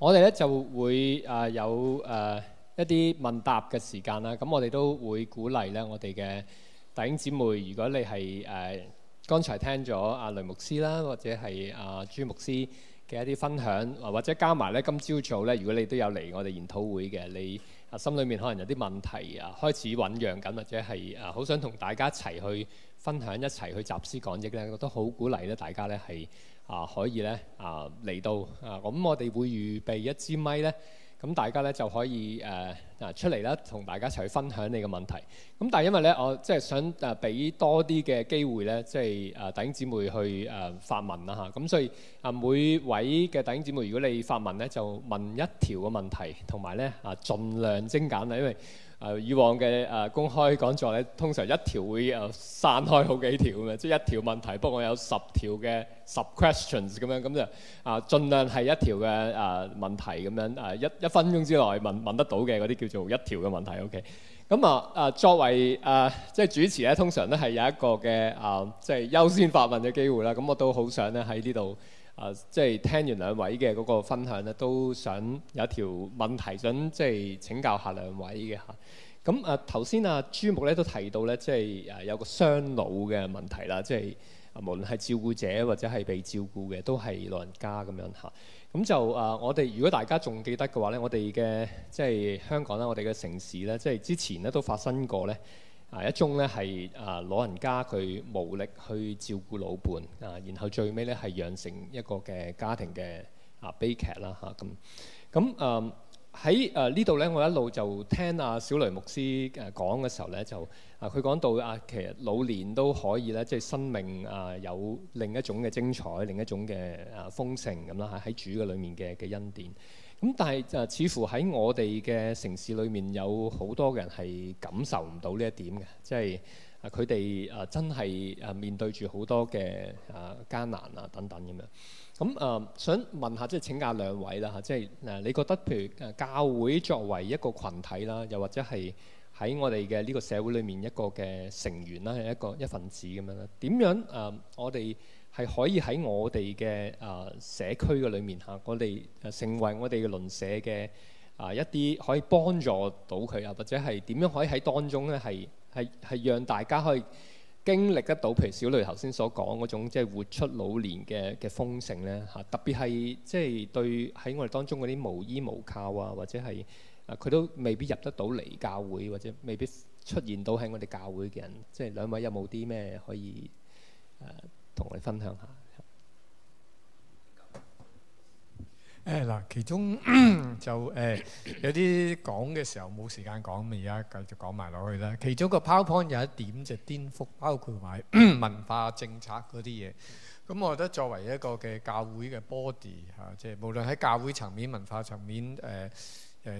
我哋咧就會啊有誒一啲問答嘅時間啦，咁我哋都會鼓勵咧我哋嘅弟兄姊妹，如果你係誒剛才聽咗阿雷牧師啦，或者係阿朱牧師嘅一啲分享，或者加埋咧今朝早咧，如果你都有嚟我哋研討會嘅，你心裏面可能有啲問題啊，開始醖釀緊，或者係啊好想同大家一齊去分享，一齊去集思廣益咧，我都好鼓勵咧大家咧係。啊，可以咧啊，嚟到啊，咁我哋會預備一支咪咧，咁大家咧就可以、啊、出嚟啦，同大家一齊去分享你嘅問題。咁但係因為咧，我即係想誒俾多啲嘅機會咧，即係誒弟兄姊妹去誒、啊、發問啦嚇。咁、啊、所以啊，每位嘅弟兄姊妹，如果你發問咧，就問一條嘅問題，同埋咧啊，盡量精簡啦，因為誒、啊、以往嘅誒、啊、公開講座咧，通常一條會誒、啊、散開好幾條嘅，即、就、係、是、一條問題，不過有十條嘅十 questions 咁樣咁就誒，儘、啊、量係一條嘅誒、啊、問題咁樣誒一一分鐘之內問問得到嘅嗰啲叫做一條嘅問題 OK。咁啊誒、啊、作為誒即係主持咧，通常都係有一個嘅誒即係優先發問嘅機會啦。咁我都好想咧喺呢度。啊，即係聽完兩位嘅嗰個分享咧，都想有條問題想即係請教下兩位嘅嚇。咁啊，頭先阿朱牧咧都提到咧，即係誒有個雙老嘅問題啦，即係啊，無論係照顧者或者係被照顧嘅，都係老人家咁樣嚇。咁就啊，我哋如果大家仲記得嘅話咧，我哋嘅即係香港啦、啊，我哋嘅城市咧，即係之前咧都發生過咧。啊，一宗咧係啊老人家佢無力去照顧老伴啊，然後最尾咧係養成一個嘅家庭嘅啊悲劇啦，嚇，咁咁，誒喺誒呢度咧，我一路就聽阿小雷牧師誒講嘅時候咧就，啊佢講到啊其實老年都可以咧，即係生命啊有另一種嘅精彩，另一種嘅啊豐盛咁啦，嚇，喺主嘅裡面嘅嘅恩典。咁但係誒，似乎喺我哋嘅城市裏面，有好多嘅人係感受唔到呢一點嘅，即係啊，佢哋誒真係誒面對住好多嘅誒艱難啊等等咁樣。咁誒想問下，即係請教兩位啦嚇，即係誒你覺得譬如誒教會作為一個群體啦，又或者係喺我哋嘅呢個社會裏面一個嘅成員啦，係一個一份子咁樣啦，點樣誒我哋，係可以喺我哋嘅啊社區嘅裏面嚇、啊，我哋成為我哋嘅鄰舍嘅啊一啲可以幫助到佢啊，或者係點樣可以喺當中咧係係係讓大家可以經歷得到，譬如小蕾頭先所講嗰種即係、就是、活出老年嘅嘅豐盛咧嚇，特別係即係對喺我哋當中嗰啲無依無靠啊，或者係啊佢都未必入得到嚟教會，或者未必出現到喺我哋教會嘅人，即、就、係、是、兩位有冇啲咩可以啊？同你分享下。誒嗱、嗯嗯，其中就誒有啲講嘅時候冇時間講，咪而家繼續講埋落去啦。其中個 PowerPoint 有一點就係顛覆，包括埋文化政策嗰啲嘢。咁我覺得作為一個嘅教會嘅 body 嚇，即係無論喺教會層面、文化層面誒。呃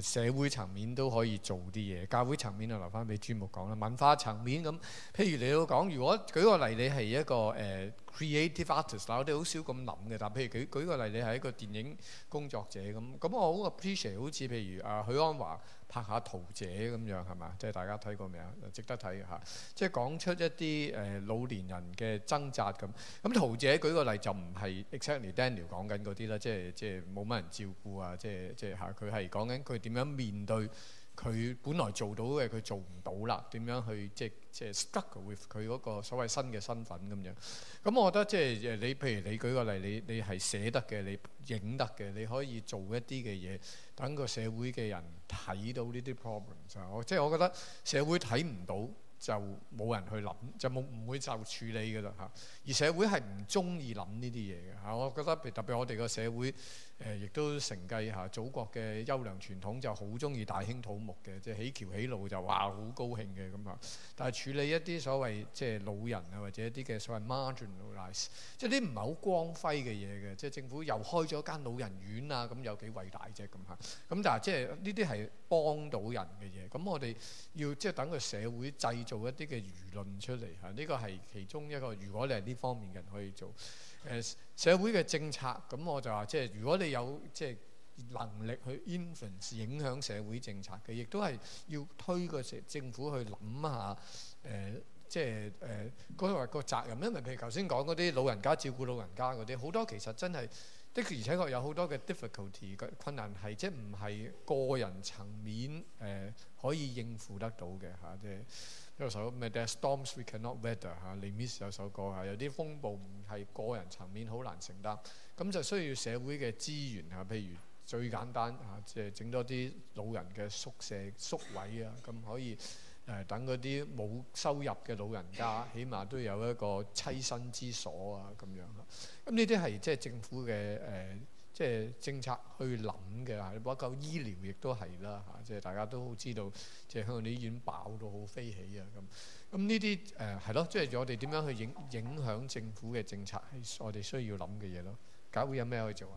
社會層面都可以做啲嘢，教會層面就留翻俾朱牧講啦。文化層面咁，譬如你都講，如果舉個例，你係一個、uh, creative artist 啦我哋好少咁諗嘅，但譬如舉舉個例，你係一個電影工作者咁，咁我好 appreciate，好 appreciate，好似譬如啊許安華。拍下桃姐咁樣係嘛？即係、就是、大家睇過未啊？值得睇吓，即係講出一啲誒、呃、老年人嘅掙扎咁。咁、嗯、桃姐舉個例就唔係 exactly Daniel 講緊嗰啲啦，即係即係冇乜人照顧啊，即係即係嚇，佢係講緊佢點樣面對。佢本來做到嘅，佢做唔到啦。點樣去即係即係 stuck with 佢嗰個所謂新嘅身份咁樣？咁、嗯、我覺得即係誒你譬如你舉個例，你你係寫得嘅，你影得嘅，你可以做一啲嘅嘢，等個社會嘅人睇到呢啲 problem 就即係我覺得社會睇唔到就冇人去諗，就冇唔會就處理㗎啦嚇。而社會係唔中意諗呢啲嘢嘅嚇，我覺得特別我哋個社會。誒，亦都承繼下祖國嘅優良傳統，就好中意大興土木嘅，即係起橋起路就話好高興嘅咁啊！但係處理一啲所謂即係老人啊，或者一啲嘅所謂 marginalized 即係啲唔係好光輝嘅嘢嘅，即係政府又開咗間老人院啊，咁有幾偉大啫咁嚇？咁但係即係呢啲係幫到人嘅嘢，咁我哋要即係等個社會製造一啲嘅輿論出嚟嚇，呢個係其中一個。如果你係呢方面嘅人，可以做。誒，社會嘅政策，咁我就話即係如果你有即係能力去 influence 影響社會政策嘅，亦都係要推個社政府去諗下誒，即係誒，講話個責任，因為譬如頭先講嗰啲老人家照顧老人家嗰啲，好多其實真係，的而且確有好多嘅 difficulty 嘅困難係即係唔係個人層面誒、呃、可以應付得到嘅嚇，啲、啊。即係有首咩？但係 storms we cannot weather 吓嚇，Les Mis 有首歌吓，有啲風暴唔係個人層面好難承擔，咁就需要社會嘅資源啊，譬如最簡單嚇，即係整多啲老人嘅宿舍宿位啊，咁可以誒等嗰啲冇收入嘅老人家，起碼都有一個棲身之所啊咁樣啦。咁呢啲係即係政府嘅誒。呃即係政策去諗嘅，嚇，包括醫療亦都係啦，嚇，即係大家都好知道，即係香港啲醫院爆到好飛起啊，咁，咁呢啲誒係咯，即係我哋點樣去影影響政府嘅政策，係我哋需要諗嘅嘢咯。教會有咩可以做啊？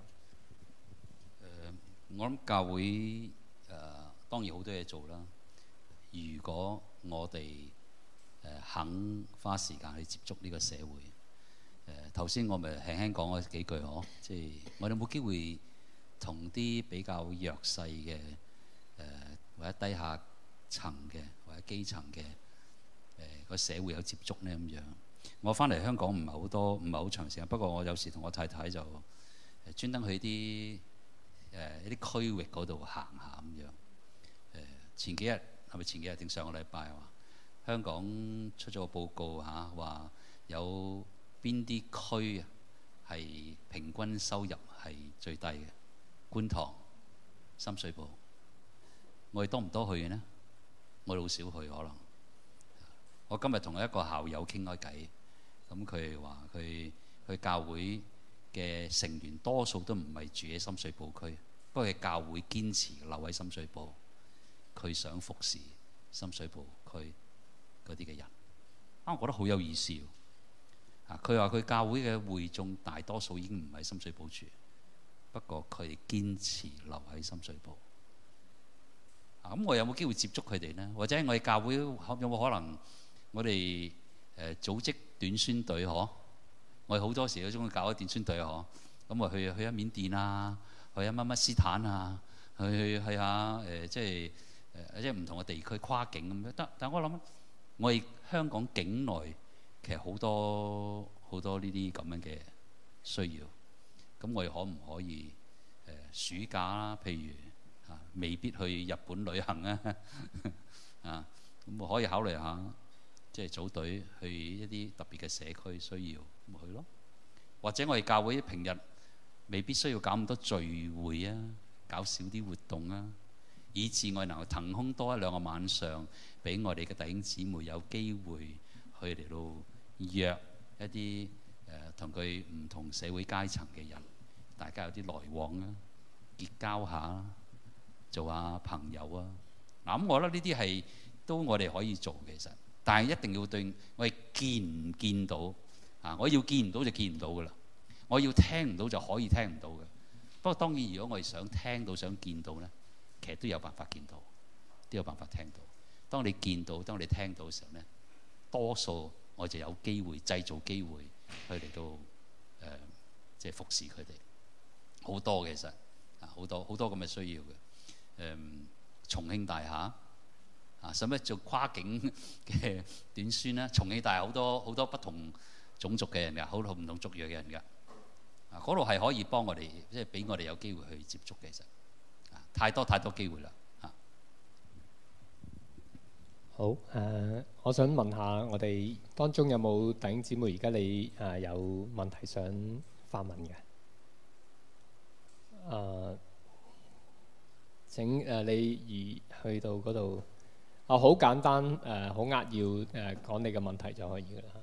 誒、呃，我諗教會誒、呃、當然好多嘢做啦。如果我哋誒、呃、肯花時間去接觸呢個社會。誒頭先我咪輕輕講嗰幾句呵，即係我哋冇機會同啲比較弱勢嘅誒，或者低下層嘅或者基層嘅誒個社會有接觸呢。咁樣。我翻嚟香港唔係好多，唔係好長時間。不過我有時同我太太就誒專登去啲誒一啲區域嗰度行下咁樣。誒前幾日係咪前幾日定上個禮拜話香港出咗個報告嚇，話有。邊啲區啊係平均收入係最低嘅？觀塘、深水埗，我哋多唔多去嘅呢？我哋好少去，可能。我今日同一個校友傾開偈，咁佢話佢佢教會嘅成員多數都唔係住喺深水埗區，不過佢教會堅持留喺深水埗，佢想服侍深水埗區嗰啲嘅人，啊，我覺得好有意思啊。啊！佢話佢教會嘅會眾大多數已經唔喺深水埗住，不過佢堅持留喺深水埗。啊！咁我有冇機會接觸佢哋呢？或者我哋教會有冇可能我哋誒組織短宣隊？嗬，我哋好多時都中意搞一短宣隊。嗬。咁話去去下緬甸啊，去下乜乜斯坦啊，去去下誒即係誒一啲唔同嘅地區跨境咁樣得。但我諗，我哋香港境內。其實好多好多呢啲咁樣嘅需要，咁我哋可唔可以、呃、暑假啦？譬如啊，未必去日本旅行啊，呵呵啊，咁我可以考慮下，即係組隊去一啲特別嘅社區需要，咪去咯？或者我哋教會平日未必需要搞咁多聚會啊，搞少啲活動啊，以至我哋能夠騰空多一兩個晚上，俾我哋嘅弟兄姊妹有機會去嚟到。約一啲誒同佢唔同社會階層嘅人，大家有啲來往啊，結交下、啊，做下朋友啊。嗱、嗯，我覺得呢啲係都我哋可以做其實，但係一定要對我哋見唔見到啊？我要見唔到就見唔到㗎喇，我要聽唔到就可以聽唔到嘅。不過當然，如果我哋想聽到想見到呢，其實都有辦法見到，都有辦法聽到。當你見到，當你聽到嘅時候呢，多數。我就有機會製造機會，佢哋都誒，即、呃、係、就是、服侍佢哋好多其實，啊好多好多咁嘅需要嘅，誒、嗯、重慶大廈啊，使乜做跨境嘅短宣咧、啊？重慶大廈好多好多不同種族嘅人㗎，好多唔同族裔嘅人㗎，啊嗰度係可以幫我哋，即係俾我哋有機會去接觸嘅，其實太多太多機會啦。好，誒，我想問下我哋當中有冇弟兄姊妹？而家你誒有問題想發問嘅？誒，請誒你而去到嗰度，啊，好簡單，誒，好扼要，誒，講你嘅問題就可以噶啦。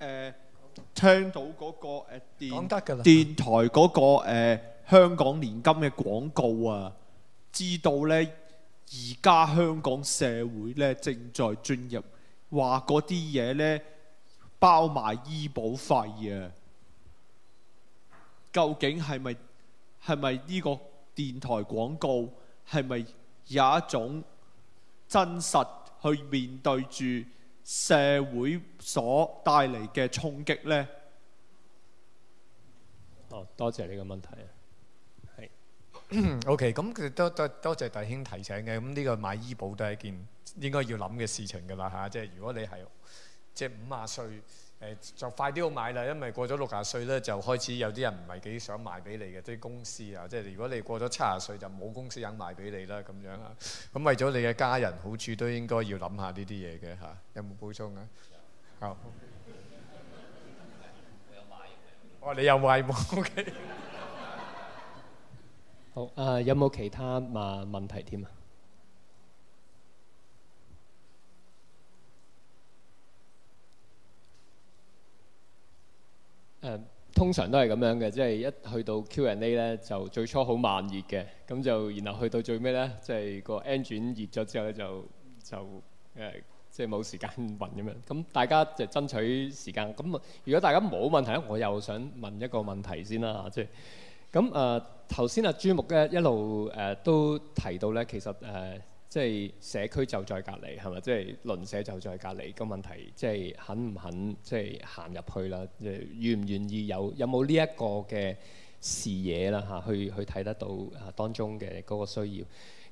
誒，聽到嗰個誒電電台嗰個誒。香港年金嘅廣告啊，知道呢，而家香港社會呢，正在進入話嗰啲嘢呢，包埋醫保費啊，究竟係咪係咪呢個電台廣告係咪有一種真實去面對住社會所帶嚟嘅衝擊呢？哦，多謝你嘅問題。O K，咁多多，多謝大兄提醒嘅，咁呢個買醫保都係一件應該要諗嘅事情嘅啦吓，即如果你係即五啊歲、呃，就快啲去買啦，因為過咗六啊歲咧就開始有啲人唔係幾想賣俾你嘅即公司啊，即如果你過咗七啊歲就冇公司肯賣俾你啦咁樣啊，咁為咗你嘅家人好處都應該要諗下呢啲嘢嘅吓，有冇補充啊？有，oh. 我要買，我有買哦，你又買喎，O K。Okay. 好啊！有冇其他嘛問題添啊？誒，通常都係咁樣嘅，即係一去到 Q&A 咧，就最初好慢熱嘅，咁就然後去到最尾咧，即係個 engine 熱咗之後咧，就就誒，即係冇時間問咁樣。咁大家就爭取時間。咁如果大家冇問題咧，我又想問一個問題先啦嚇，即係。咁誒頭先阿朱牧咧一路誒、呃、都提到咧，其實誒、呃、即係社區就在隔離係咪？即係鄰舍就在隔離個問題，即係肯唔肯即係行入去啦？誒願唔願意有有冇呢一個嘅視野啦嚇、啊？去去睇得到誒當中嘅嗰個需要。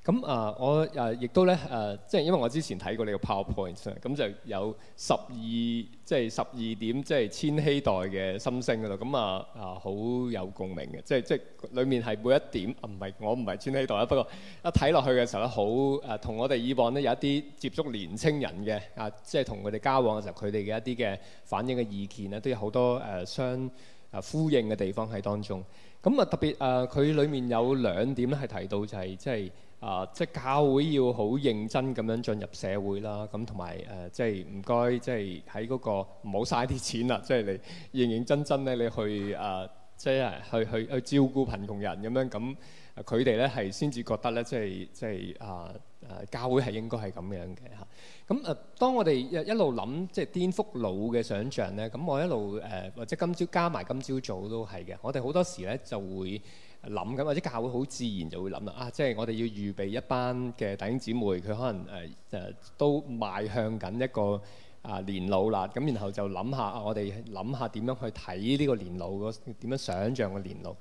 咁啊，我誒亦都咧誒，即係因為我之前睇過你個 PowerPoint，咁就有十二即係十二點，即係千禧代嘅心聲㗎喇。咁啊啊，好有共鳴嘅，即係即係裡面係每一點啊，唔係我唔係千禧代啊。不過一睇落去嘅時候咧，好誒，同我哋以往咧有一啲接觸年青人嘅啊，即係同佢哋交往嘅時候，佢哋嘅一啲嘅反應嘅意見咧，都有好多誒相啊呼應嘅地方喺當中。咁啊特別誒，佢裡面有兩點咧係提到就係即係。啊！即係教會要好認真咁樣進入社會啦，咁同埋誒，即係唔該，即係喺嗰個唔好嘥啲錢啦，即係你認認真真咧，你去啊，即係去去去照顧貧窮人咁樣，咁佢哋咧係先至覺得咧，即係即係啊啊，教會係應該係咁樣嘅嚇。咁啊，當我哋一一路諗即係顛覆老嘅想像咧，咁我一路誒，呃，或者今朝加埋今朝早早都係嘅，我哋好多時咧就會。諗緊，或者教會好自然就會諗啦啊！即係我哋要預備一班嘅弟兄姊妹，佢可能誒誒、呃、都邁向緊一個啊、呃、年老啦。咁然後就諗下，啊、我哋諗下點樣去睇呢個年老嗰，點樣想像個年老。咁、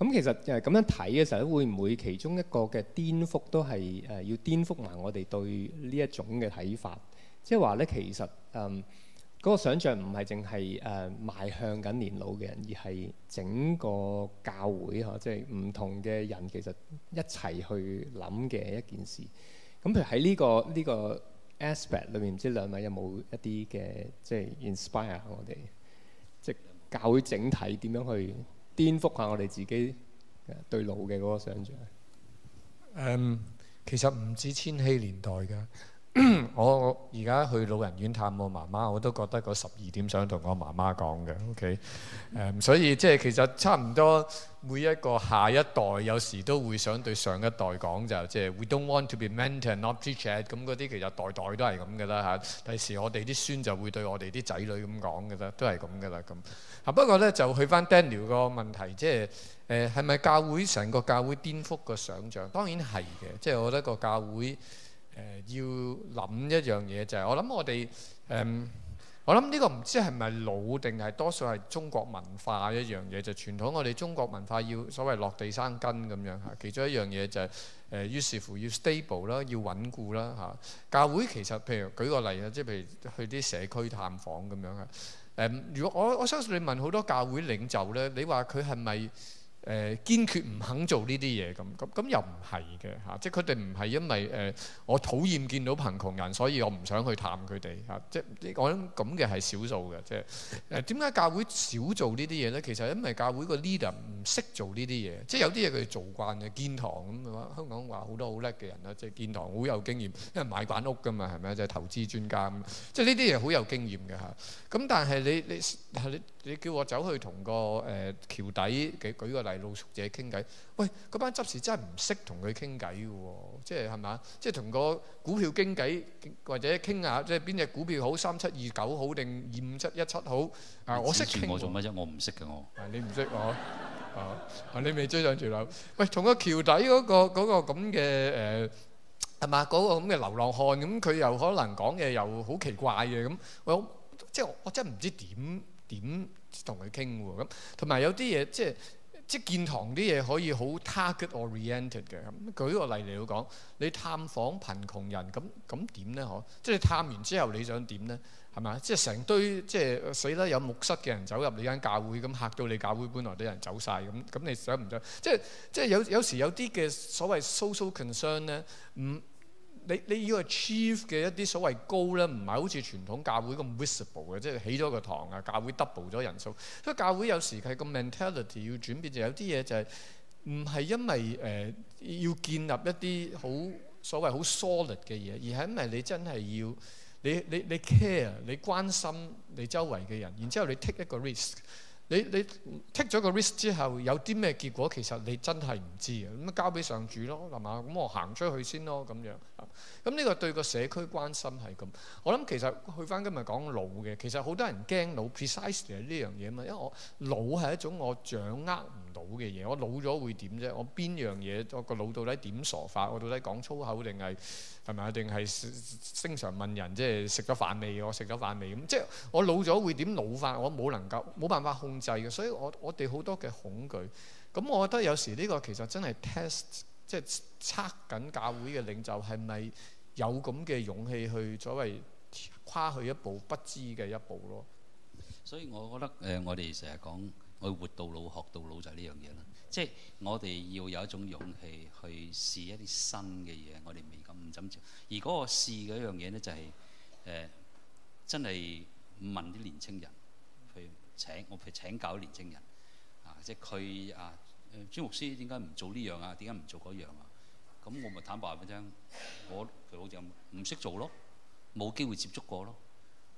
嗯、其實誒咁、呃、樣睇嘅時候，會唔會其中一個嘅顛覆都係誒、呃、要顛覆埋我哋對呢一種嘅睇法？即係話咧，其實誒。嗯嗰個想像唔係淨係誒邁向緊年老嘅人，而係整個教會嚇、啊，即係唔同嘅人其實一齊去諗嘅一件事。咁譬如喺呢個呢個 aspect 裏面，唔知兩位有冇一啲嘅即係 inspire 我哋，即係教會整體點樣去顛覆下我哋自己對老嘅嗰個想像？誒，um, 其實唔止千禧年代㗎。 我而家去老人院探我媽媽，我都覺得嗰十二點想同我媽媽講嘅，OK？Um, 所以即係其實差唔多每一個下一代有時都會想對上一代講就即係、就是、We don't want to be mentored not teach 咁嗰啲，其實代代都係咁嘅啦嚇。第、啊、時我哋啲孫就會對我哋啲仔女咁講嘅啦，都係咁嘅啦咁。嚇、啊、不過呢，就去翻 Daniel 個問題，即係誒係咪教會成個教會顛覆個想像？當然係嘅，即、就、係、是、我覺得個教會。呃、要諗一樣嘢就係、是呃，我諗我哋誒，我諗呢個唔知係咪老定係多數係中國文化一樣嘢，就傳、是、統我哋中國文化要所謂落地生根咁樣嚇。其中一樣嘢就係、是、誒，於、呃、是乎要 stable 啦，要穩固啦嚇、啊。教會其實譬如舉個例啊，即係譬如去啲社區探訪咁樣啊。誒、呃，如果我我相信你問好多教會領袖呢，你話佢係咪？誒堅決唔肯做呢啲嘢咁，咁咁又唔係嘅嚇，即係佢哋唔係因為誒我討厭見到貧窮人，所以我唔想去探佢哋嚇，即係我諗咁嘅係少數嘅，即係誒點解教會少做呢啲嘢咧？其實因為教會個 leader 唔識做呢啲嘢，即係有啲嘢佢哋做慣嘅建堂咁啊，香港話好多好叻嘅人啦，即係建堂好有經驗，因為買慣屋㗎嘛係咪啊？即係、就是、投資專家咁，即係呢啲嘢好有經驗嘅嚇。咁但係你你係你。你你叫我走去同個誒、呃、橋底嘅舉個例，露宿者傾偈。喂，嗰班執事真係唔識同佢傾偈嘅喎，即係係咪？即係同個股票經紀或者傾下，即係邊隻股票好，三七二九好定二五七一七好？啊，我識傾。我做乜啫？我唔識嘅我。你唔識我？啊，你未追上潮流？喂，同個橋底嗰、嗰個咁嘅誒係嘛？嗰個咁嘅流浪漢咁，佢、嗯、又可能講嘢又好奇怪嘅咁。喂、嗯，即係我真係唔知點。點同佢傾喎？咁同埋有啲嘢即係即係建堂啲嘢可以好 target-oriented 嘅。咁舉個例嚟講，你探訪貧窮人，咁咁點咧？可即係探完之後你想點咧？係咪啊？即係成堆即係死得有木塞嘅人走入你間教會，咁嚇到你教會本來啲人走晒。咁。咁你想唔想？即係即係有有時有啲嘅所謂 social concern 咧，唔、嗯。你你要 achieve 嘅一啲所謂 goal，唔係好似傳統教會咁 visible 嘅，即係起咗個堂啊，教會 double 咗人數。所以教會有時係個 mentality 要轉變，有些就有啲嘢就係唔係因為誒、呃、要建立一啲好所謂好 solid 嘅嘢，而係因為你真係要你你你 care，你關心你周圍嘅人，然之後你 take 一個 risk。你你 take 咗個 risk 之後，有啲咩結果其實你真係唔知啊，咁啊，交俾上主咯，係嘛？咁我行出去先咯，咁樣，咁呢個對個社區關心係，咁我諗其實去返今日講老嘅，其實好多人驚老 precisely 係呢樣嘢嘛，因為我老係一種我掌握。到嘅嘢，我老咗會點啫？我邊樣嘢？我個腦到底點傻法？我到底講粗口定係係咪啊？定係經常問人，即係食咗飯未？我食咗飯未咁？即係我老咗會點老法？我冇能夠冇辦法控制嘅，所以我我哋好多嘅恐懼。咁我覺得有時呢個其實真係 test，即係測緊教會嘅領袖係咪有咁嘅勇氣去所謂跨去一步不知嘅一步咯。所以我覺得誒，我哋成日講。去活到老學到老就係呢樣嘢啦，即係我哋要有一種勇氣去試一啲新嘅嘢，我哋未咁唔怎，而嗰個試嘅一樣嘢咧就係、是、誒、欸，真係問啲年青人去請，我譬如請教啲年青人啊，即係佢啊誒，朱牧師點解唔做呢樣啊？點解唔做嗰樣啊？咁我咪坦白畀你聽，我佢好似唔識做咯，冇機會接觸過咯，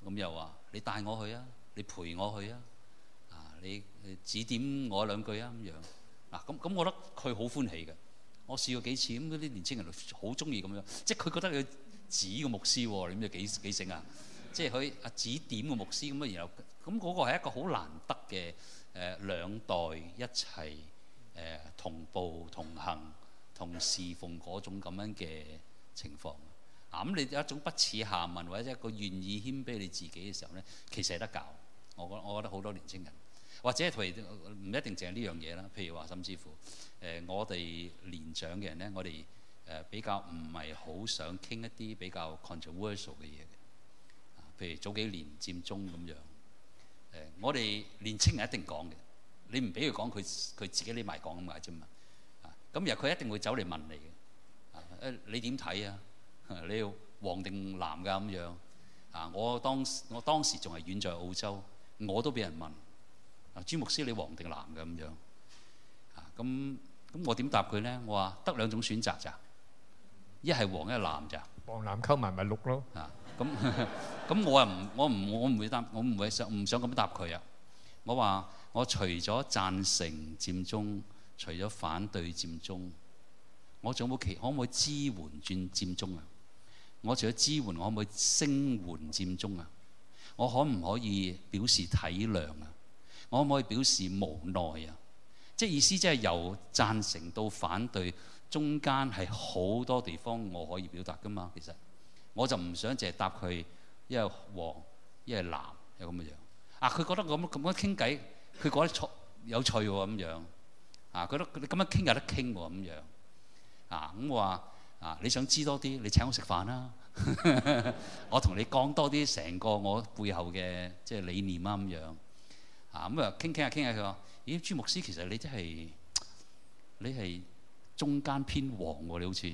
咁又話你帶我去啊，你陪我去啊。你指點我兩句啊咁樣嗱，咁咁，我覺得佢好歡喜嘅。我試過幾次，咁啲年青人好中意咁樣，即係佢覺得佢指個牧師喎，你咩幾幾醒啊？即係佢啊指點個牧師咁啊，然後咁嗰個係一個好難得嘅誒、呃、兩代一齊誒、呃、同步同行同侍奉嗰種咁樣嘅情況啊。咁你有一種不恥下問，或者一個願意謙卑你自己嘅時候咧，其實係得教。我覺得我覺得好多年青人。或者係譬如唔一定淨係呢樣嘢啦，譬如話，甚至乎誒，我哋年長嘅人咧，我哋誒比較唔係好想傾一啲比較 controversial 嘅嘢嘅，譬如早幾年佔中咁樣誒，我哋年青人一定講嘅，你唔俾佢講，佢佢自己匿埋講咁解啫嘛啊！咁若佢一定會走嚟問你嘅啊，誒你點睇啊？你要黃定藍㗎咁樣啊？我當時我當時仲係遠在澳洲，我都俾人問。朱牧師，你黃定藍嘅咁樣啊？咁咁，我點答佢咧？我話得兩種選擇咋，一係黃，一係藍咋。黃藍溝埋咪綠咯。啊，咁咁， 我啊唔，我唔，我唔會答，我唔會想唔想咁答佢啊。我話我，我除咗贊成佔中，除咗反對佔中，我仲有冇期可唔可以支援轉佔中啊？我除咗支援，我可唔可以聲援佔中啊？我可唔可以表示體諒啊？我可唔可以表示無奈啊？即係意思，即係由贊成到反對，中間係好多地方我可以表達㗎嘛。其實我就唔想淨係答佢，一係黃，一係藍，有咁嘅樣。啊，佢覺得咁咁樣傾偈，佢覺得趣有趣喎咁樣啊，覺得你咁樣傾有得傾喎咁樣啊，咁我話啊，你想知多啲，你請我食飯啦， 我同你講多啲成個我背後嘅即係理念啊咁樣。啊咁啊，傾傾下傾下佢話，咦，朱牧師其實你真係你係中間偏黃喎，你好似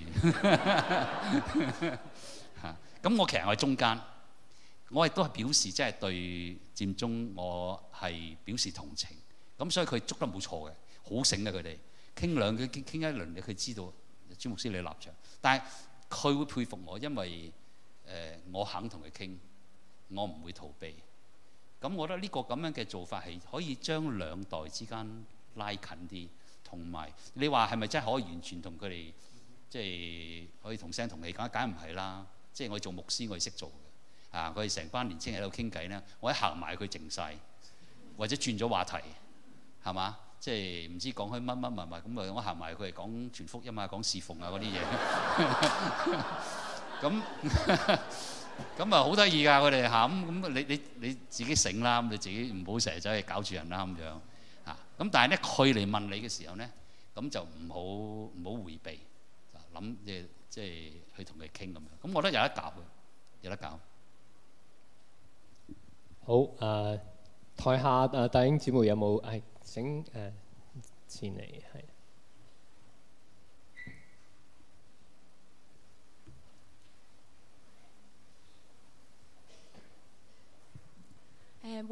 嚇。咁 我其實我係中間，我亦都係表示，即係對佔中我係表示同情。咁所以佢捉得冇錯嘅，好醒啊，佢哋傾兩句傾傾一輪，你佢知道朱牧師你立場。但係佢會佩服我，因為誒我肯同佢傾，我唔會逃避。咁我覺得呢個咁樣嘅做法係可以將兩代之間拉近啲，同埋你話係咪真係可以完全同佢哋，即係可以同聲同氣？梗係唔係啦。即係我做牧師，我哋識做嘅。啊，佢哋成班年青人喺度傾偈咧，我一行埋佢靜曬，或者轉咗話題，係嘛？即係唔知講開乜乜物物咁啊！我行埋佢哋講全福音啊，講侍奉啊嗰啲嘢。咁。咁啊，好得意㗎！佢哋嚇咁咁，你你你自己醒啦，咁你自己唔好成日走去搞住人啦，咁樣嚇。咁但係咧，佢嚟問你嘅時候咧，咁就唔好唔好迴避，啊諗即係即係去同佢傾咁樣。咁我覺得有得教，有得搞。好誒，台下誒大英姊妹有冇？誒，請誒前嚟係。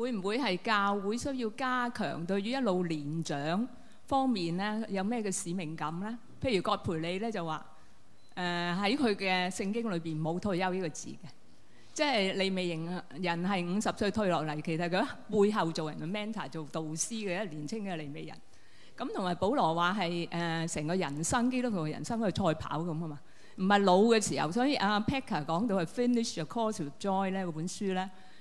會唔會係教會需要加強對於一路年長方面咧，有咩嘅使命感咧？譬如葛培理咧就話：誒喺佢嘅聖經裏邊冇退休呢個字嘅，即係利未人係五十歲退落嚟，其實佢背後做人嘅 mentor 做導師嘅一年青嘅利未人。咁同埋保羅話係誒成個人生，基督徒嘅人生都係賽跑咁啊嘛，唔係老嘅時候。所以阿、啊、Packer 講到係 Finish Your Course With Joy 咧，呢本書咧。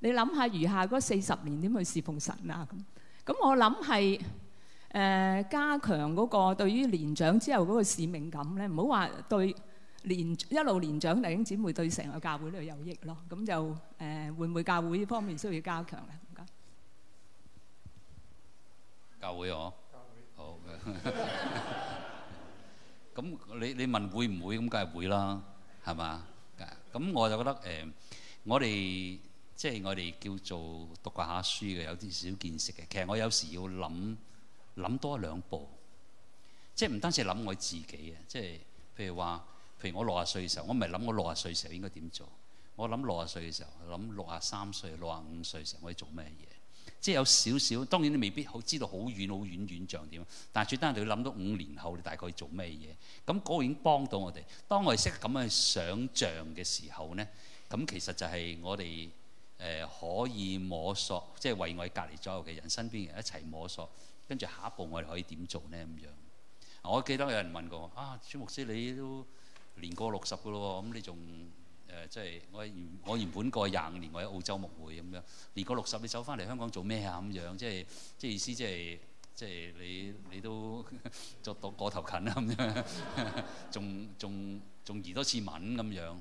你諗下，餘下嗰四十年點去侍奉神啊？咁咁，我諗係誒加強嗰個對於年長之後嗰個使命感咧，唔好話對年一路年長弟兄姊妹對成個教會都有益咯。咁就誒會唔會教會方面需要加強咧？唔該，教會嗬，好咁你你問會唔會咁，梗係會啦，係嘛？咁我就覺得誒，我哋。即係我哋叫做讀下書嘅，有啲少見識嘅。其實我有時要諗諗多兩步，即係唔單止係諗我自己嘅。即係譬如話，譬如我六十歲嘅時候，我唔係諗我六十歲嘅時候應該點做？我諗六十歲嘅時候，諗六十三歲、六十五歲嘅時候，可以做咩嘢？即係有少少，當然你未必好知道好遠、好遠遠象點，但係最單就諗到五年後你大概做咩嘢？咁嗰個已經幫到我哋。當我哋識咁樣想像嘅時候呢，咁其實就係我哋。誒、呃、可以摸索，即係為我隔離左右嘅人、身邊嘅人一齊摸索，跟住下一步我哋可以點做呢？咁樣，我記得有人問過我啊，朱牧師，你都年過六十嘅咯喎，咁你仲即係我原我原本過廿五年我喺澳洲牧會咁樣，年過六十你走翻嚟香港做咩啊？咁樣即係即係意思、就是、即係即係你你都作到過頭近啦咁樣，仲仲仲移多次文咁樣，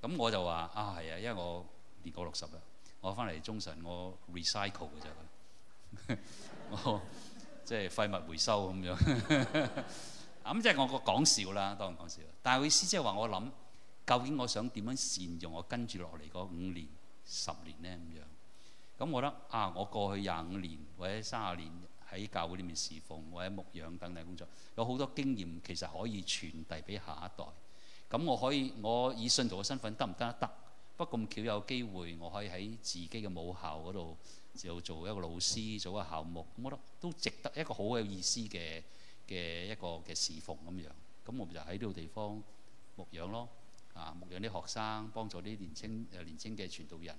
咁我就話啊係啊，因為我。年過六十啦，我翻嚟中神，我 recycle 嘅啫， 我即係廢物回收咁樣。咁 即係我個講笑啦，當然講笑。但係意思即係話，我諗究竟我想點樣善用我跟住落嚟嗰五年、十年呢？咁樣？咁我覺得啊，我過去廿五年或者三十年喺教會裏面侍奉，或者牧養等等工作，有好多經驗，其實可以傳遞俾下一代。咁我可以，我以信徒嘅身份得唔得？得。不過咁巧有機會，我可以喺自己嘅母校嗰度就做一個老師，做一個校牧。咁我覺得都值得一個好有意思嘅嘅一個嘅侍奉咁樣。咁我咪就喺呢度地方牧養咯啊！牧養啲學生，幫助啲年青誒年青嘅傳道人，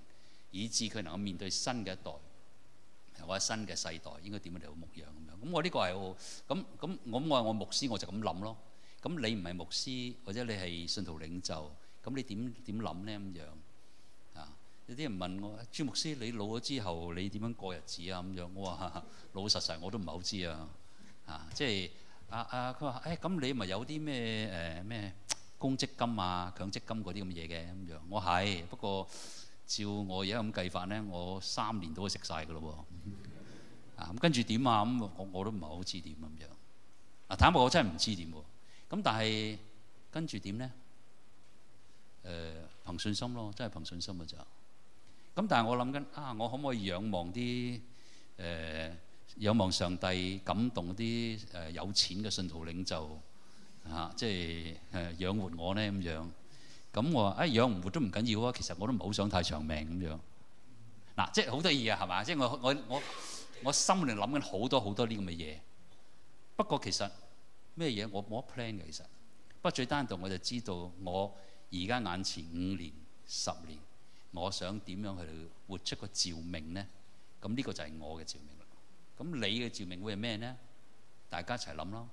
以致佢能夠面對新嘅一代，或者新嘅世代應該點樣嚟到牧養咁樣。咁我呢個係我咁，咁咁我我，牧師我就咁諗咯。咁你唔係牧師，或者你係信徒領袖，咁你點點諗呢咁樣？有啲人問我，朱牧師，你老咗之後你點樣過日子啊？咁樣我話老實實我都唔係好知啊，啊。啊，即係阿阿佢話誒，咁、哎、你咪有啲咩誒咩公積金啊、強積金嗰啲咁嘅嘢嘅咁樣。我係不過照我而家咁計法咧，我三年、 啊啊、我我都食晒㗎咯。啊，咁跟住點啊？咁我我都唔係好知點咁樣。嗱，坦白，我真係唔知點喎、啊。咁但係跟住點咧？誒、呃、憑信心咯，真係憑信心嘅就。咁但係我諗緊啊，我可唔可以仰望啲誒、呃、仰望上帝，感動啲誒、呃、有錢嘅信徒領袖啊，即係誒養活我咧咁樣。咁我話：一養唔活都唔緊要啊，其實我都唔好想太長命咁樣。嗱、啊，即係好得意啊，係嘛？即係我我我我心裏諗緊好多好多呢咁嘅嘢。不過其實咩嘢我冇 plan 嘅，其實不過最單獨我就知道我而家眼前五年十年。我想點樣去活出個召命呢？咁呢個就係我嘅召命啦。咁你嘅召命會係咩呢？大家一齊諗咯。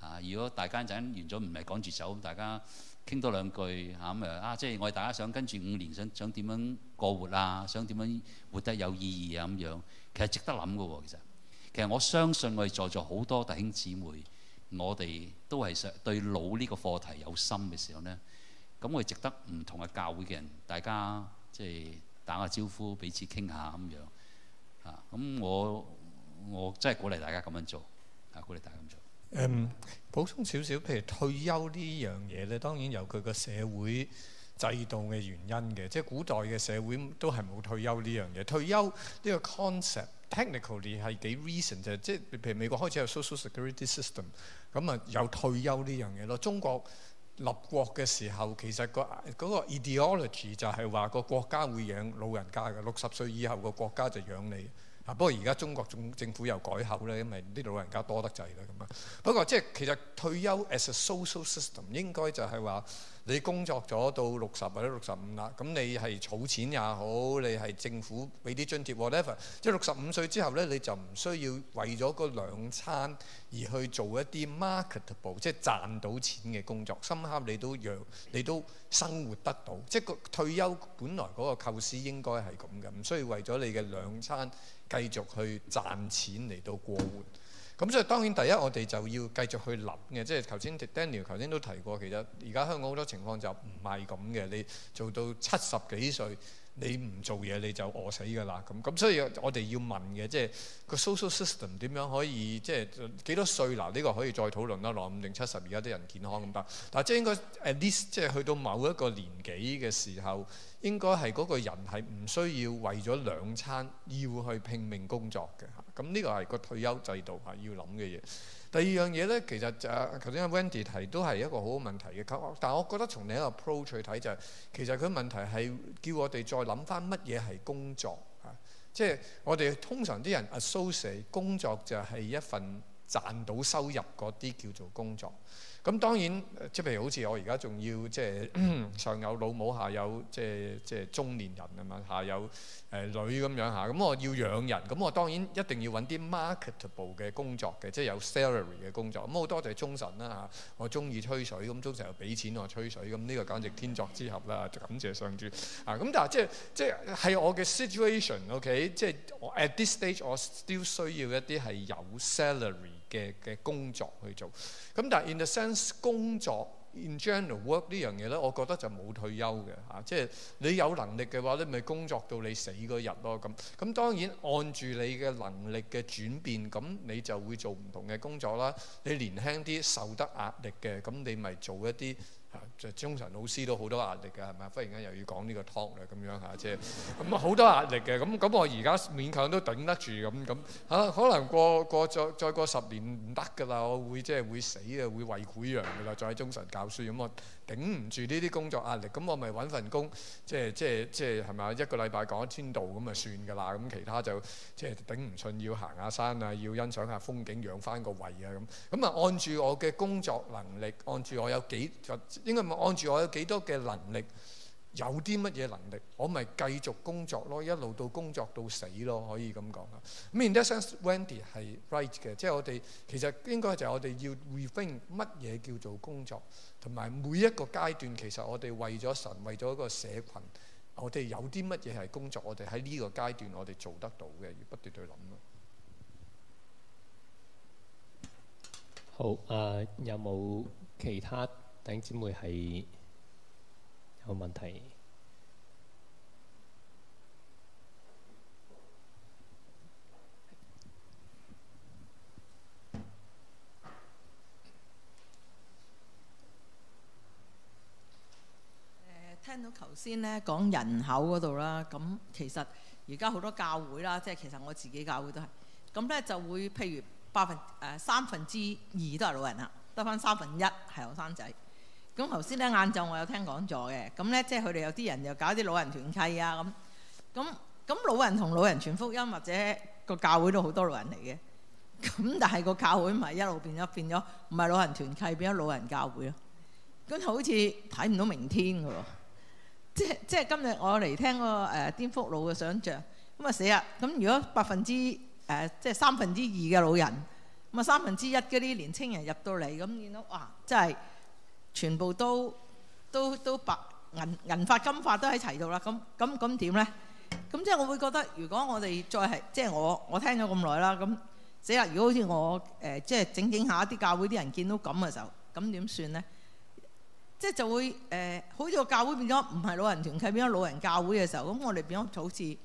啊，如果大家一陣完咗唔係趕住走，大家傾多兩句嚇咁啊！即係我哋大家想跟住五年想，想想點樣過活啊？想點樣活得有意義啊？咁樣其實值得諗噶喎。其實其實我相信我哋在座好多弟兄姊妹，我哋都係想對老呢個課題有心嘅時候呢。咁我哋值得唔同嘅教會嘅人大家。即係打個招呼，彼此傾下咁樣嚇。咁、啊、我我真係鼓勵大家咁樣做，啊鼓勵大家咁做。誒、um，補充少少，譬如退休呢樣嘢咧，當然有佢個社會制度嘅原因嘅。即係古代嘅社會都係冇退休呢樣嘢。退休呢個 concept，technically 係幾 recent 嘅。即係譬如美國開始有 social security system，咁啊有退休呢樣嘢咯。中國，立國嘅時候，其實那個嗰個 ideology 就係話個國家會養老人家嘅，六十歲以後個國家就養你。啊，不過而家中國政府又改口啦，因為啲老人家多得滯啦咁。不過即係其實退休 as a social system 應該就係話。你工作咗到六十或者六十五啦，咁你係儲錢也好，你係政府俾啲津貼 whatever，即係六十五歲之後呢，你就唔需要為咗嗰兩餐而去做一啲 marketable，即係賺到錢嘅工作，深刻你都養你都生活得到，即係個退休本來嗰個構思應該係咁嘅，唔需要為咗你嘅兩餐繼續去賺錢嚟到過活。咁所以當然第一，我哋就要繼續去諗嘅，即係頭先 Daniel 頭先都提過，其實而家香港好多情況就唔係咁嘅。你做到七十幾歲，你唔做嘢你就餓死㗎啦。咁咁所以我哋要問嘅，即係個 social system 點樣可以即係幾多歲？嗱，呢個可以再討論啦。六十五定七十，而家啲人健康咁得。但即係應該 at least 即係去到某一個年紀嘅時候，應該係嗰個人係唔需要為咗兩餐要去拼命工作嘅。咁呢個係個退休制度要諗嘅嘢。第二樣嘢呢，其實就頭先阿 Wendy 提都係一個好好問題嘅。但係我覺得從另一個 approach 去睇就係，其實佢問題係叫我哋再諗翻乜嘢係工作啊？即係我哋通常啲人 associate 工作就係一份賺到收入嗰啲叫做工作。咁當然，即係譬如好似我而家仲要即係、就是、上有老母下有，下有即係即係中年人啊嘛，下有誒、呃、女咁樣嚇，咁我要養人，咁我當然一定要揾啲 marketable 嘅工作嘅，即係有 salary 嘅工作。咁好多謝中神啦嚇，我中意吹水，咁中神又俾錢我吹水，咁呢個簡直天作之合啦，感謝上主。啊！咁但係即係、okay? 即係係我嘅 situation，OK，即係 at this stage 我 still 需要一啲係有 salary 嘅嘅工作去做，咁但係 in the sense 工作 in general work 呢樣嘢呢，我覺得就冇退休嘅吓，即係你有能力嘅話咧，你咪工作到你死嗰日咯咁。咁當然按住你嘅能力嘅轉變，咁你就會做唔同嘅工作啦。你年輕啲受得壓力嘅，咁你咪做一啲。就係中神老師都好多壓力嘅，係咪啊？忽然間又要講呢個 talk 喇，咁樣吓，即係咁好多壓力嘅。咁咁我而家勉強都頂得住咁咁嚇。可能過過再再過十年唔得㗎啦，我會即係、就是、會死啊，會胃潰瘍㗎啦，再喺中神教書咁我。頂唔住呢啲工作壓力，咁我咪揾份工，即係即係即係係咪啊？一個禮拜講一千度咁啊，算㗎啦。咁其他就即係頂唔順，要行下山啊，要欣賞下風景，養翻個胃啊咁。咁啊，咁按住我嘅工作能力，按住我有幾，應該唔係按住我有幾多嘅能力。有啲乜嘢能力，我咪繼續工作咯，一路到工作到死咯，可以咁講啦。咁 In essence, Wendy 係 right 嘅？即係我哋其實應該就係我哋要 refine 乜嘢叫做工作，同埋每一個階段，其實我哋為咗神，為咗一個社群，我哋有啲乜嘢係工作，我哋喺呢個階段我哋做得到嘅，要不斷去諗咯。好，誒有冇其他頂姊妹係？個問題誒，聽到頭先咧講人口嗰度啦，咁其實而家好多教會啦，即係其實我自己教會都係咁咧，就會譬如百分誒三分之二都係老人啦，得返三分一係後生仔。咁頭先咧，晏晝我有聽講座嘅，咁咧即係佢哋有啲人又搞啲老人團契啊咁，咁咁老人同老人傳福音或者個教會都好多老人嚟嘅，咁但係個教會咪一路變咗變咗，唔係老人團契變咗老人教會咯，咁好似睇唔到明天嘅喎，即係即係今日我嚟聽、個誒、呃、顛覆老嘅想像，咁啊死啊！咁如果百分之誒、呃、即係三分之二嘅老人，咁啊三分之一嗰啲年青人入到嚟，咁見到哇真係～全部都都都白銀銀髮金髮都喺齊度啦！咁咁咁點咧？咁即係我會覺得，如果我哋再係即係我我聽咗咁耐啦，咁死啦！如果好似我誒即係整整下啲教會啲人見到咁嘅時候，咁點算咧？即係就會誒，好似個教會變咗唔係老人團契，變咗老人教會嘅時候，咁我哋變咗就好似即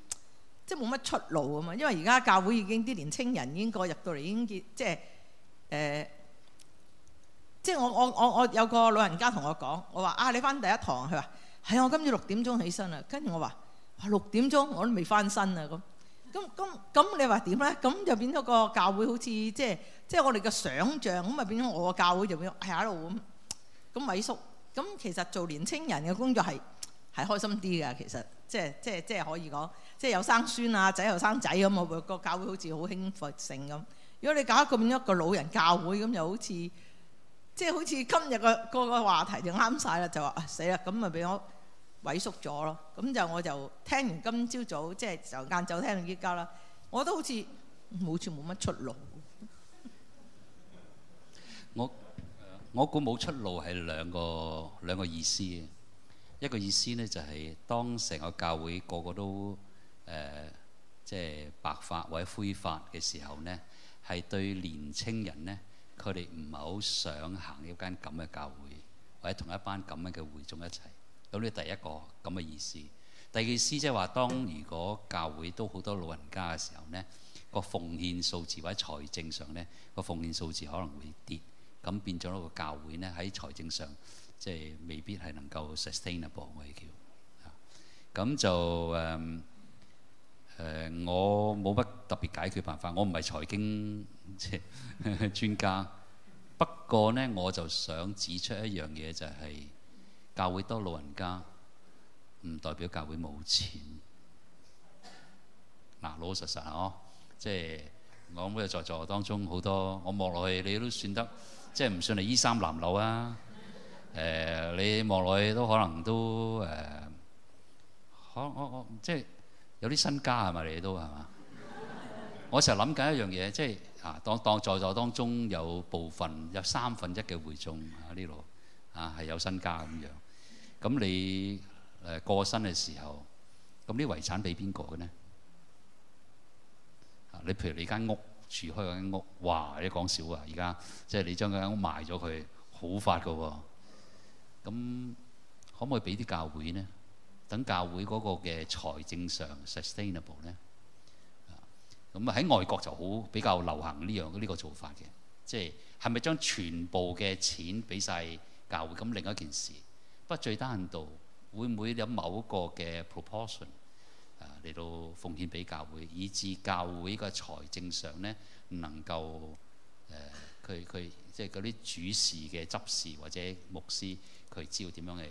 係冇乜出路啊嘛！因為而家教會已經啲年青人已經過入到嚟，已經見即係誒。就是呃即係我我我我有個老人家同我講，我話啊你翻第一堂，佢話係啊，我今朝六點鐘起身啊。我說」跟住我話六點鐘我都未翻身啊。咁咁咁咁你話點咧？咁就變咗個教會好似即係即係我哋嘅想像咁啊，變咗我個教會就變咗喺度咁。咁萎縮咁其實做年青人嘅工作係係開心啲㗎，其實,其實即係即係即係可以講，即係有生孫啊，仔又生仔咁啊，個教會好似好興奮性咁。如果你搞一個變一個老人教會，咁就好似～即係好似今日個個個話題就啱晒啦，就話啊死啦，咁咪俾我萎縮咗咯。咁就我就聽完今朝早，早，即係就晏、是、晝聽完依家啦。我都好似好似冇乜出路我。我我估冇出路係兩個兩個意思，一個意思呢就係、是、當成個教會個個都誒即係白髮或者灰髮嘅時候呢，係對年青人呢。佢哋唔係好想行一間咁嘅教會，或者同一班咁嘅會眾一齊。咁呢第一個咁嘅意思，第二意思即係話，當如果教會都好多老人家嘅時候呢，個奉獻數字或者財政上呢，個奉獻數字可能會跌，咁變咗個教會呢喺財政上即係未必係能夠 sustainable 我係叫。咁就誒、嗯嗯、我冇乜特別解決辦法。我唔係財經。即 專家，不過呢，我就想指出一樣嘢，就係教會多老人家，唔代表教會冇錢。嗱，老實實啊，即係我今日在座當中好多，我望落去你都算得，即係唔算係衣衫襤褸啊。誒，你望落去都可能都誒、呃，可我我即係有啲身家係咪？你都係嘛？我成日諗緊一樣嘢，即係。啊，當當在座當中有部分有三分一嘅會眾喺呢度，啊係、啊、有身家咁樣，咁你誒、呃、過身嘅時候，咁啲遺產俾邊個嘅咧？啊，你譬如你間屋，住開間屋，哇！你講笑啊，而、就是、家即係你將間屋賣咗佢，好發噶喎。咁可唔可以俾啲教會咧？等教會嗰個嘅財政上 sustainable 咧？咁啊喺外國就好比較流行呢樣呢個做法嘅，即係係咪將全部嘅錢俾晒教會？咁另一件事，不最低限度會唔會有某一個嘅 proportion 嚟、啊、到奉獻俾教會，以致教會嘅財政上呢，唔能夠誒佢佢即係嗰啲主事嘅執事或者牧師佢知道點樣去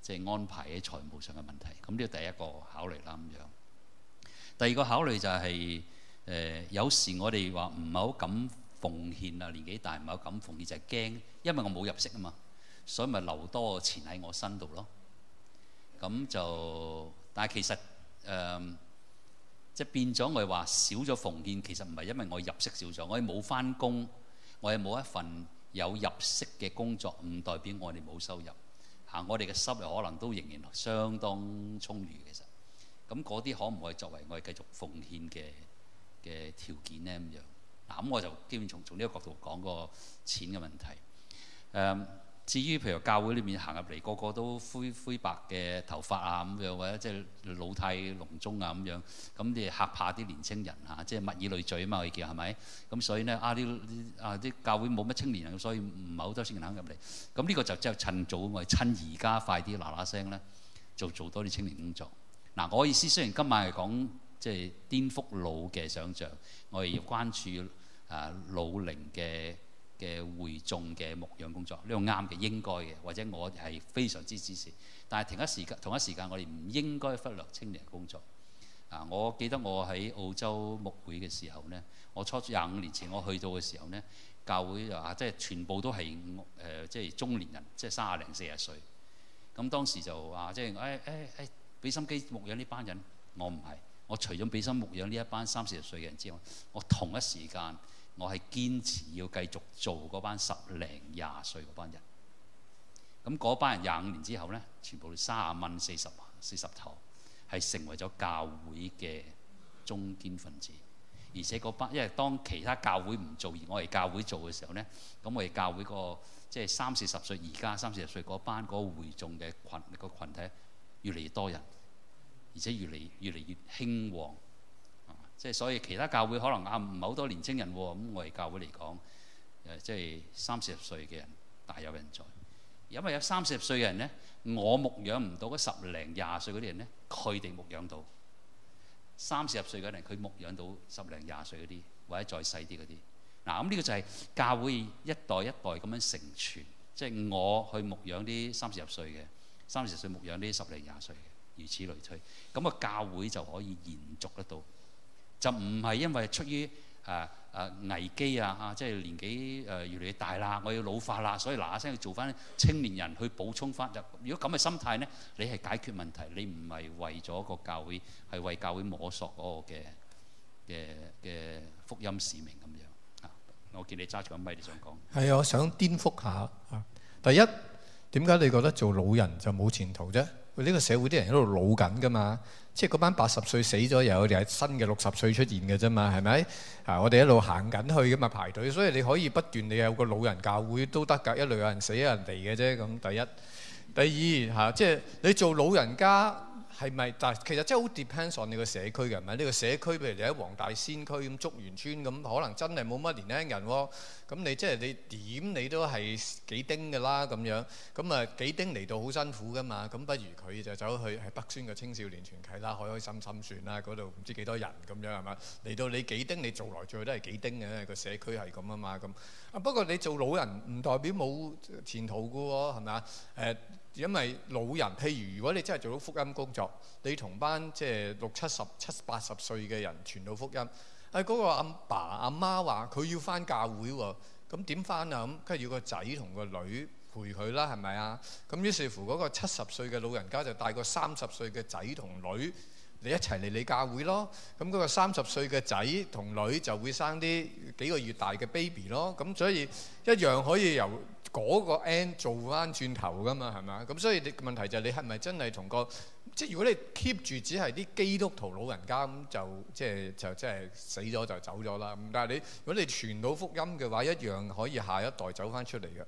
即係、就是、安排喺財務上嘅問題？咁呢個第一個考慮啦咁樣。第二個考慮就係、是。誒有時我哋話唔係好敢奉獻啊，年紀大唔係好敢奉獻，就係驚，因為我冇入息啊嘛，所以咪留多個錢喺我身度咯。咁就但係其實誒即係變咗，我哋話少咗奉獻，其實唔係因為我入息少咗，我哋冇翻工，我係冇一份有入息嘅工作，唔代表我哋冇收入嚇。我哋嘅收入可能都仍然相當充裕。其實咁嗰啲可唔可以作為我哋繼續奉獻嘅？嘅條件咧咁樣，嗱咁我就基本從從呢個角度講個錢嘅問題。誒、嗯，至於譬如教會裏面行入嚟個個都灰灰白嘅頭髮啊咁樣，或者即係老態龍鍾啊咁樣，咁你嚇怕啲年青人嚇，即、就、係、是、物以類聚啊嘛，叫係咪？咁所以呢，啊啲啊啲教會冇乜青年人，所以唔係好多青年人肯入嚟。咁呢個就即係趁早，我趁而家快啲嗱嗱聲咧，就做多啲青年工作。嗱，我意思雖然今晚係講。即係顛覆老嘅想像，我哋要關注啊老齡嘅嘅會眾嘅牧養工作，呢個啱嘅，應該嘅，或者我係非常之支持。但係同一時間同一時間，時間我哋唔應該忽略青年工作。啊，我記得我喺澳洲牧會嘅時候呢，我初廿五年前我去到嘅時候呢，教會就話，即係全部都係誒，即係中年人，即係三廿零四十歲。咁當時就話即係誒誒誒，俾心機牧養呢班人，我唔係。我除咗俾心牧養呢一班三四十歲嘅人之外，我同一時間我係堅持要繼續做嗰班十零廿歲嗰班人。咁嗰班人廿五年之後咧，全部卅蚊四十四十頭，係成為咗教會嘅中堅分子。而且嗰班，因為當其他教會唔做而我哋教會做嘅時候咧，咁我哋教會、嗰個即係、就是、三四十歲而家三四十歲嗰班嗰個會眾嘅群、嗰個群體越嚟越多人。而且越嚟越嚟越興旺，即、啊、係所以其他教會可能啊唔係好多年青人喎、啊，咁我哋教會嚟講，即、呃、係、就是、三四十歲嘅人大有人在。因為有三四十歲嘅人呢，我牧養唔到嗰十零廿歲嗰啲人呢，佢哋牧養到。三四十歲嘅人佢牧養到十零廿歲嗰啲，或者再細啲嗰啲。嗱咁呢個就係教會一代一代咁樣承傳，即、就、係、是、我去牧養啲三四十歲嘅，三四十歲牧養啲十零廿歲嘅。如此類推，咁啊，教會就可以延續得到，就唔係因為出於誒誒危機啊嚇，即係年紀誒越嚟越大啦，我要老化啦，所以嗱嗱聲去做翻青年人去補充翻。就如果咁嘅心態咧，你係解決問題，你唔係為咗個教會，係為教會摸索嗰個嘅嘅嘅福音使命咁樣啊。我見你揸住個咪你想講，係啊，我想顛覆下啊。第一，點解你覺得做老人就冇前途啫？呢個社會啲人喺度老緊㗎嘛，即係嗰班八十歲死咗，又有隻新嘅六十歲出現嘅啫嘛，係咪？啊，我哋一路行緊去㗎嘛，排隊，所以你可以不斷你有個老人教會都得㗎，一輪有人死，有人嚟嘅啫。咁第一，第二吓，即係、就是、你做老人家。係咪？但係其實真係好 depends on 你個社區嘅，係咪？呢個社區。譬如你喺黃大仙區咁，竹園村咁，可能真係冇乜年輕人喎、啊。咁你即係、就是、你點你都係幾丁嘅啦，咁樣咁啊幾丁嚟到好辛苦嘅嘛。咁不如佢就走去係北宣嘅青少年團契啦，開開心心算啦，嗰度唔知幾多人咁樣係嘛。嚟到你幾丁你做來做去都係幾丁嘅，因為個社區係咁啊嘛。咁啊不過你做老人唔代表冇前途嘅喎，係咪啊？誒。Uh, 因為老人，譬如如果你真係做到福音工作，你同班即係六七十、七八十歲嘅人傳到福音，誒、哎、嗰、那個阿爸阿媽話佢要返教會喎，咁點返啊？咁梗係要個仔同個女陪佢啦，係咪啊？咁於是乎嗰個七十歲嘅老人家就帶個三十歲嘅仔同女，你一齊嚟你教會咯。咁、那、嗰個三十歲嘅仔同女就會生啲幾個月大嘅 baby 咯。咁所以一樣可以由。嗰個 n 做翻轉頭㗎嘛，係咪啊？咁所以你問題就係你係咪真係同個，即係如果你 keep 住只係啲基督徒老人家咁，就即係就即係死咗就走咗啦。但係你如果你傳到福音嘅話，一樣可以下一代走翻出嚟嘅。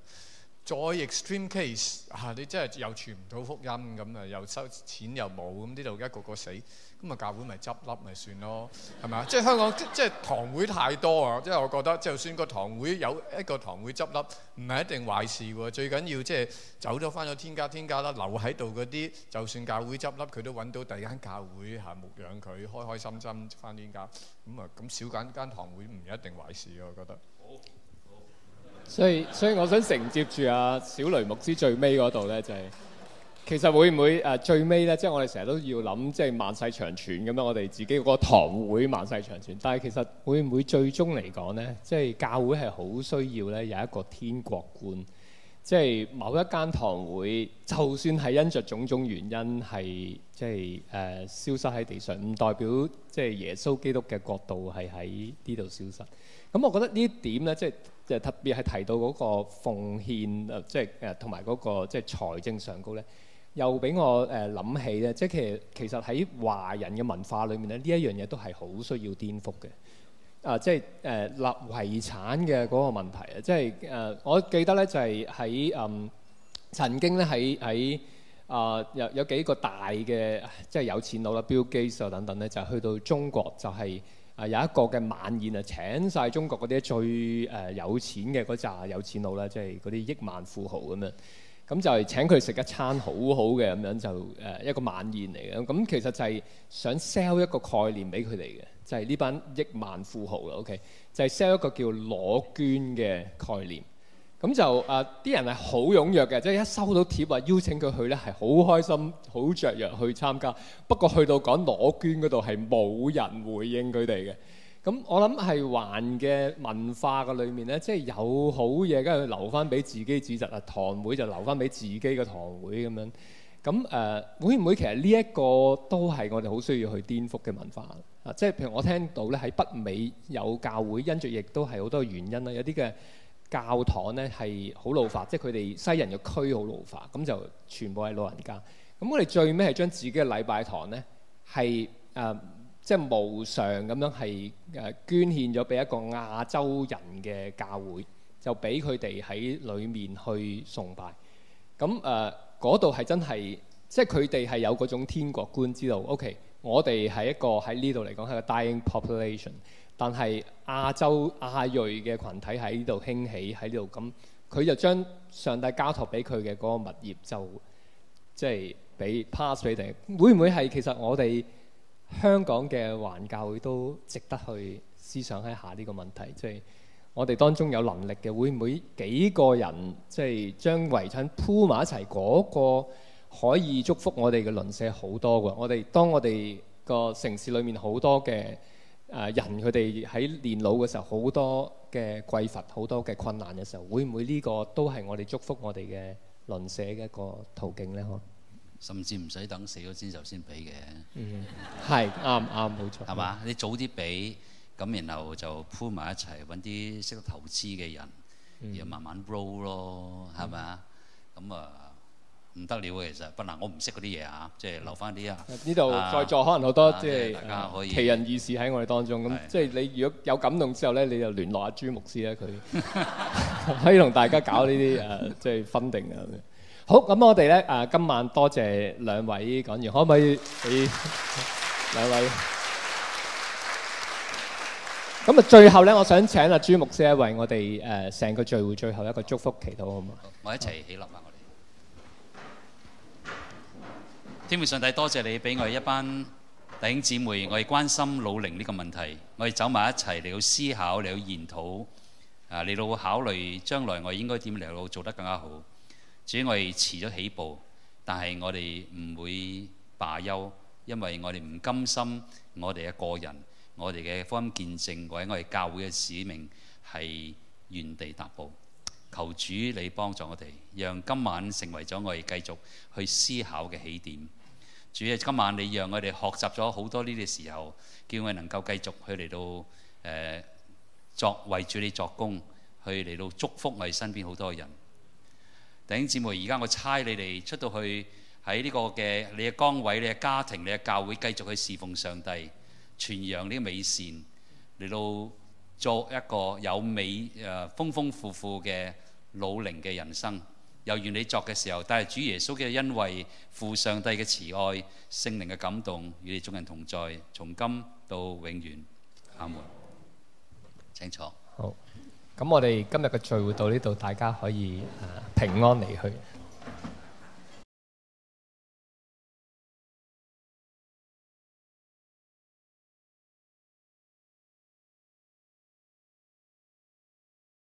再 extreme case 嚇、啊，你真係又傳唔到福音咁啊，又收錢又冇咁，呢度一個一個死，咁啊教會咪執笠咪算咯，係咪啊？即係香港即係堂會太多啊！即係我覺得，就算個堂會有一個堂會執笠，唔係一定壞事喎。最緊要即係走咗翻咗天家天家啦，留喺度嗰啲，就算教會執笠，佢都揾到第二間教會嚇牧養佢，開開心心翻天家。咁啊咁少緊間堂會唔一定壞事，我覺得。所以所以我想承接住阿小雷牧師最尾嗰度咧，就係其實會唔會誒最尾咧，即係我哋成日都要諗，即係萬世長存咁樣，我哋自己個堂會萬世長存。但係其實會唔會最終嚟講咧，即係教會係好需要咧有一個天國觀，即係某一間堂會，就算係因着種種原因係即係誒消失喺地上，唔代表即係耶穌基督嘅國度係喺呢度消失。咁我覺得呢一點咧，即係。即係特別係提到嗰個奉獻啊，即係誒同埋嗰個即係財政上高咧，又俾我誒諗起咧，即係其實其實喺華人嘅文化裏面咧，呢一樣嘢都係好需要顛覆嘅啊！即係誒立遺產嘅嗰個問題啊！即係誒，我記得咧就係喺、嗯、曾經咧喺喺有有幾個大嘅即係有錢佬啦，Bill Gates 等等咧，就去到中國就係。啊，有一個嘅晚宴啊，請晒中國嗰啲最誒、呃、有錢嘅嗰扎有錢佬啦，即係嗰啲億萬富豪咁樣，咁就係請佢食一餐好好嘅咁樣就誒、呃、一個晚宴嚟嘅，咁其實就係想 sell 一個概念俾佢哋嘅，就係、是、呢班億萬富豪啦，OK，就係 sell 一個叫裸捐嘅概念。咁就誒啲、呃、人係好踴躍嘅，即係一收到貼話邀請佢去咧，係好開心、好雀躍去參加。不過去到講攞捐嗰度係冇人回應佢哋嘅。咁我諗係環嘅文化嘅裏面咧，即係有好嘢梗係留翻俾自己指執啊，堂會就留翻俾自己嘅堂會咁樣。咁誒、呃、會唔會其實呢一個都係我哋好需要去顛覆嘅文化啊？即係譬如我聽到咧喺北美有教會因著亦都係好多原因啦，有啲嘅。教堂咧係好老化，即係佢哋西人嘅區好老化，咁就全部係老人家。咁我哋最尾係將自己嘅禮拜堂咧係誒即係無償咁樣係誒捐獻咗俾一個亞洲人嘅教會，就俾佢哋喺裡面去崇拜。咁誒嗰度係真係，即係佢哋係有嗰種天國觀知道。OK，我哋係一個喺呢度嚟講係個 dying population。但係亞洲亞裔嘅群體喺呢度興起，喺呢度咁，佢就將上帝交託俾佢嘅嗰個物業就即係俾 pass 俾你哋。會唔會係其實我哋香港嘅環教會都值得去思想一下呢個問題？即係我哋當中有能力嘅，會唔會幾個人即係將遺產鋪埋一齊嗰個可以祝福我哋嘅鄰舍好多㗎？我哋當我哋個城市裏面好多嘅。誒人佢哋喺年老嘅時候，好多嘅匱乏，好多嘅困難嘅時候，會唔會呢個都係我哋祝福我哋嘅鄰舍嘅一個途徑咧？嗬，甚至唔使等死咗先就先俾嘅，嗯，係啱啱，冇錯，係嘛？你早啲俾，咁然後就鋪埋一齊，揾啲識得投資嘅人，然後慢慢 roll 咯，係咪？咁啊～唔得了嘅，其實不能，我唔識嗰啲嘢啊，即係留翻啲啊！呢度在座可能好多即係大家可以奇人異事喺我哋當中咁，即係你如果有感動之後咧，你就聯絡阿朱牧師咧，佢可以同大家搞呢啲誒，即係分定啊！好，咁，我哋咧誒今晚多謝兩位講完，可唔可以畀兩位咁啊，最後咧，我想請阿朱牧師為我哋誒成個聚會最後一個祝福祈禱好唔好？我一齊起立啊！天父上帝，多謝你俾我哋一班弟兄姊妹，我哋關心老齡呢個問題，我哋走埋一齊嚟到思考，嚟到研討，啊，嚟到考慮將來我哋應該點嚟到做得更加好。至於我哋遲咗起步，但係我哋唔會罷休，因為我哋唔甘心我哋嘅個人、我哋嘅方見證或者我哋教會嘅使命係原地踏步。求主你幫助我哋，讓今晚成為咗我哋繼續去思考嘅起點。主，今晚你讓我哋學習咗好多呢啲時候，叫我能夠繼續去嚟到誒作為住你作工，去嚟到祝福我哋身邊好多人。弟兄姊妹，而家我猜你哋出到去喺呢個嘅你嘅崗位、你嘅家庭、你嘅教會，繼續去侍奉上帝，傳揚呢個美善，嚟到作一個有美誒豐豐富富嘅老齡嘅人生。又願你作嘅時候，帶住主耶穌嘅恩惠、父上帝嘅慈愛、聖靈嘅感動，與你眾人同在，從今到永遠。阿門。請坐。好，咁我哋今日嘅聚會到呢度，大家可以平安離去。